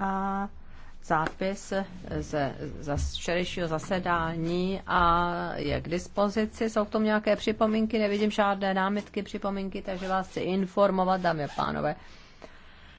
a zápis ze, ze včerejšího zasedání a je k dispozici. Jsou k tomu nějaké připomínky, nevidím žádné námitky, připomínky, takže vás chci informovat, dámy a pánové.